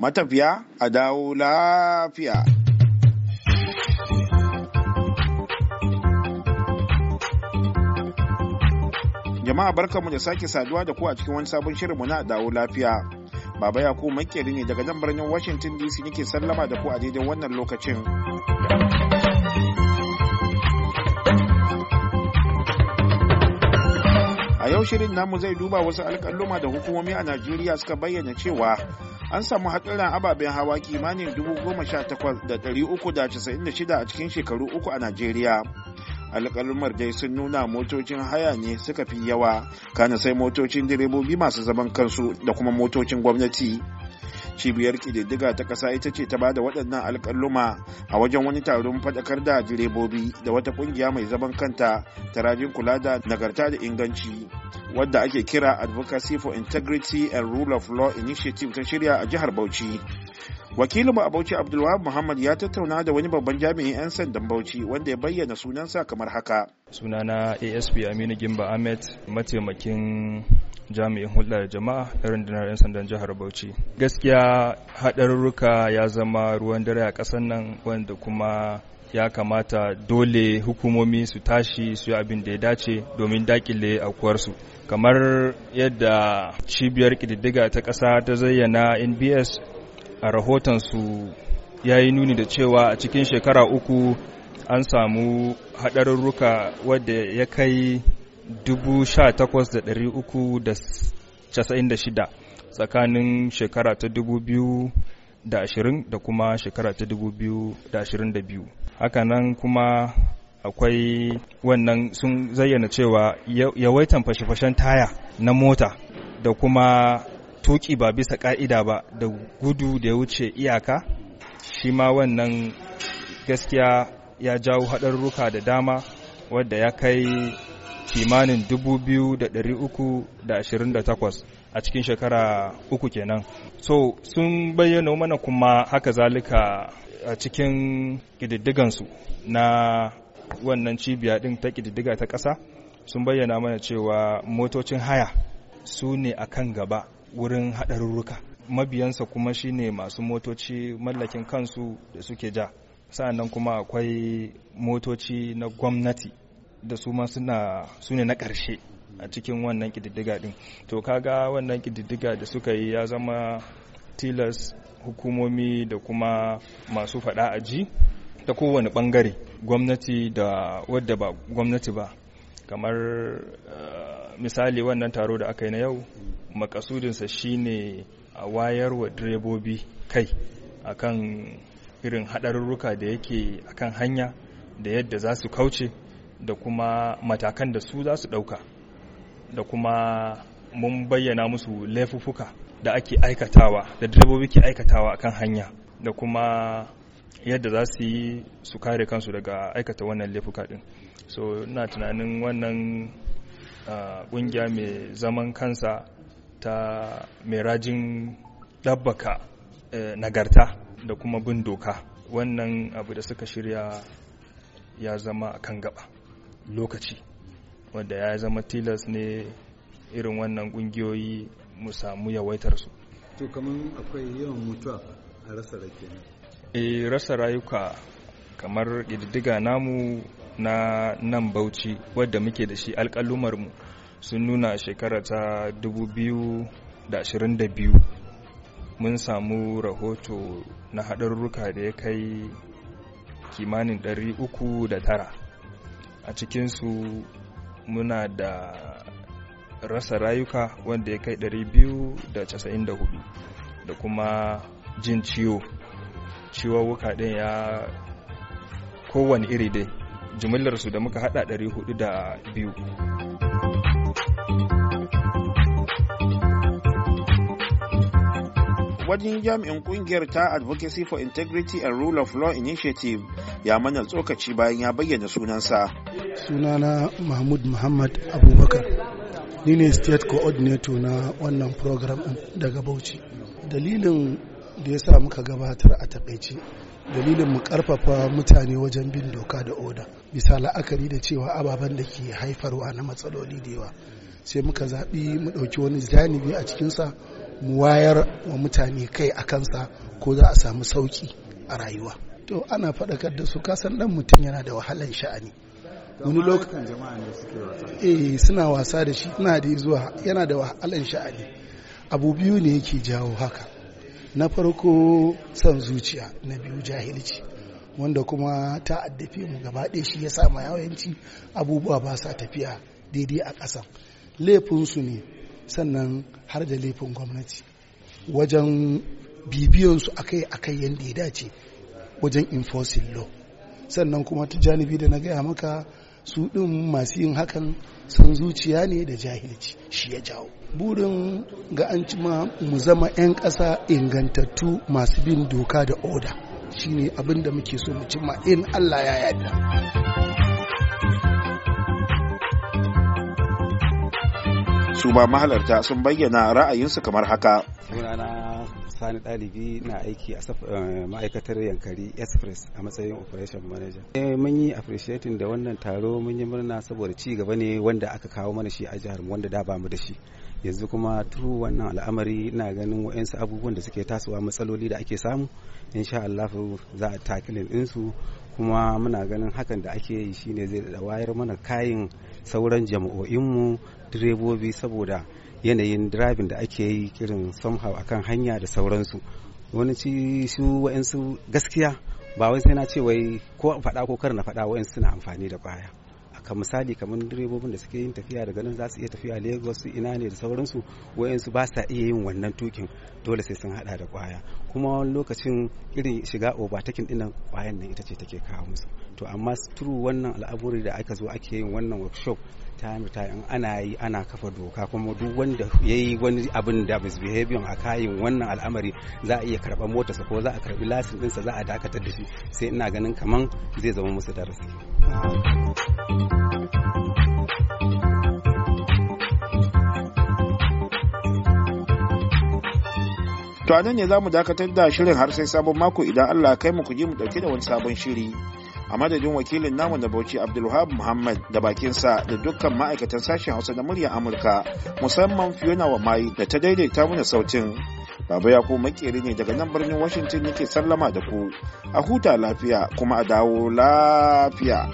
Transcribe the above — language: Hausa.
matafiya a dawo lafiya. Jama'a barkanmu da sake saduwa da ku a cikin wani sabon shirinmu na dawo lafiya. Baba Yakubu makeri ne daga nan birnin Washington DC nake sallama da ku a daidai wannan lokacin. A yau shirin namu zai duba wasu alƙalluma da hukumomi a Najeriya suka bayyana cewa an samu hatsarin ababen hawa kimanin 18,396 a cikin shekaru uku a najeriya alƙalumar dai sun nuna motocin haya ne suka fi yawa kana sai motocin direbobi masu zaman kansu da kuma motocin gwamnati cibiyar ƙididdiga ta ƙasa ita ce ta ba da waɗannan alƙaluma a wajen wani taron faɗakar da direbobi da wata ƙungiya mai zaman kanta ta rajin kula da nagarta da inganci wadda ake kira advocacy for integrity and rule of law initiative ta shirya a jihar bauchi wakilin ba a bauchi abdulwahab muhammad ya tattauna da wani babban jami'in 'yan sandan bauchi wanda ya bayyana sunansa kamar haka sunana asp aminu gimba ahmed mataimakin jami'in hulɗa da jama'a na rundunar 'yan sandan jihar Bauchi. Gaskiya haɗarurruka ya zama ruwan dare a ƙasar nan wanda kuma ya kamata dole hukumomi su tashi su yi abin da ya dace domin dakile aukuwarsu kamar yadda cibiyar ƙididdiga ta ƙasa ta zayyana nbs a rahotonsu ya yi nuni da cewa a cikin shekara uku an samu haɗarurruka wadda ya kai 18,396 tsakanin shekara ta 2020 da kuma shekara ta 2022 hakanan kuma akwai wannan sun zayyana cewa yawaitan fashe-fashen taya na mota da kuma tuki ba bisa ka'ida ba da gudu da ya wuce iyaka shi ma wannan gaskiya ya jawo haɗarruka da dama wadda ya kai kimanin 2,328 a cikin shekara uku kenan so sun bayyana mana kuma haka zalika a cikin ƙididdigansu na wannan cibiya ɗin ta ƙididdiga ta ƙasa sun bayyana mana cewa motocin haya su ne a kan gaba wurin haɗarurruka mabiyansa kuma shi ne masu motoci mallakin kansu da suke ja sa'annan kuma akwai motoci na gwamnati da su ma suna sune na ƙarshe a cikin wannan ƙididdiga din to kaga wannan ƙididdiga da suka yi ya zama tilas hukumomi da kuma masu faɗa a ji ta kowane ɓangare gwamnati da wadda ba gwamnati ba kamar eh, misali wannan taro da aka yi na yau makasudinsa shine a wayar wa direbobi kai akan irin haɗarurruka da yake akan hanya da yadda za su kauce da kuma matakan da su za su ɗauka da kuma mun bayyana musu laifufuka da ake aikatawa da direbobi ke aikatawa akan hanya da kuma yadda za su yi su kare kansu daga aikata wannan laifuka din so ina tunanin wannan kungiya mai zaman kansa ta mai rajin ɗabbaka e, nagarta da kuma bin doka wannan abu da suka shirya ya zama a kan gaba lokaci wanda ya zama tilas ne irin wannan ƙungiyoyi mu samu yawaitar su to kamar akwai yawan mutuwa a rasa rake e eh, rasa rayuka kamar ƙididdiga namu na nan bauchi wadda muke da shi alƙalumarmu sun nuna shekara ta 2022 mun samu rahoto na haɗarruka da ya kai kimanin 309 a cikinsu muna da rasa rayuka wanda ya kai 294 da kuma jin ciwo wuka din ya kowane iri dai jimillarsu da muka hada 402 gwajin jami'in kungiyar ta advocacy for integrity and rule of law initiative ya mana tsokaci bayan ya bayyana sunansa sunana mahmud muhammad abubakar ni ne state coordinator na wannan program daga bauchi dalilin da ya sa muka gabatar a takaici dalilin mu karfafa mutane wajen bin doka da oda bisa la'akari da cewa ababen da ke haifarwa na matsaloli da yawa sai muka zaɓi mu ɗauki wani zanibi a cikinsa mu wayar wa mutane kai a kansa ko za a samu sauki a rayuwa to ana faɗakar da su kasan ɗan mutum yana da wahalan sha'ani wani lokacin eh suna wasa da shi suna da zuwa yana da wahalan sha'ani abu biyu ne yake jawo haka na farko son zuciya na biyu jahilci wanda kuma ta addafe mu gaba ɗaya shi ya sa ma yawanci abubuwa ba sa tafiya daidai a ƙasa laifinsu ne sannan har da laifin gwamnati wajen bibiyansu akai akai yadda ya dace wajen enforcing law sannan kuma ta janibi da na gaya maka su ɗin masu yin hakan sun zuciya ne da jahilci shi ya jawo burin ga an cima mu zama 'yan ƙasa ingantattu masu bin doka da oda shine abin da muke so mu cimma in allah ya yadda su ma mahalarta sun bayyana ra'ayinsu kamar haka sunana sani ɗalibi na aiki a eh, ma'aikatar yankari express a matsayin operation manager eh, mun yi appreciating da wannan taro mun yi murna saboda ci gaba ne wanda aka kawo mana shi a jihar wanda da ba mu da shi yanzu kuma turu wannan al'amari na ganin wa'yansu abubuwan da suke tasowa matsaloli da ake samu insha Allah za a takilin ɗinsu kuma muna ganin hakan da ake yi shine zai da wayar mana kayin sauran jama'o'inmu direbobi saboda yanayin drabin da ake yi kirin somehow akan hanya da sauransu wani ci su wa'insu gaskiya ba wai sai na ce wai ko faɗa ko kar na faɗa wa'insu suna amfani da baya ka misali kamar direbobin da suke yin tafiya daga nan za su iya tafiya lagos su ina ne da sauransu wayansu ba sa iya yin wannan tukin dole sai sun hada da kwaya kuma wani lokacin irin shiga obatakin dinnan kwayan nan ita ce take kawo musu to amma turu wannan al'aburi da aka zo ake yin wannan workshop time in ana yi ana kafa doka kuma duk wanda ya yi wani abin da misbehavior a kayan wannan al'amari za a iya karɓar motarsa ko za a karɓi lasin ɗinsa za a dakatar da shi sai ina ganin kaman zai zama musu darasi. To anan ne za mu dakatar da shirin har sai sabon mako idan Allah kai mu kuje mu dauke da wani sabon shiri. A madadin wakilin namu na Bauchi Abdulwahab Muhammad da bakin sa da dukkan ma'aikatan sashen Hausa na muryar Amurka musamman Fiona wa Mai da ta daidaita mana sautin. Baba ya ko makeri ne daga nan birnin Washington yake sallama da ku. A huta lafiya kuma a dawo lafiya.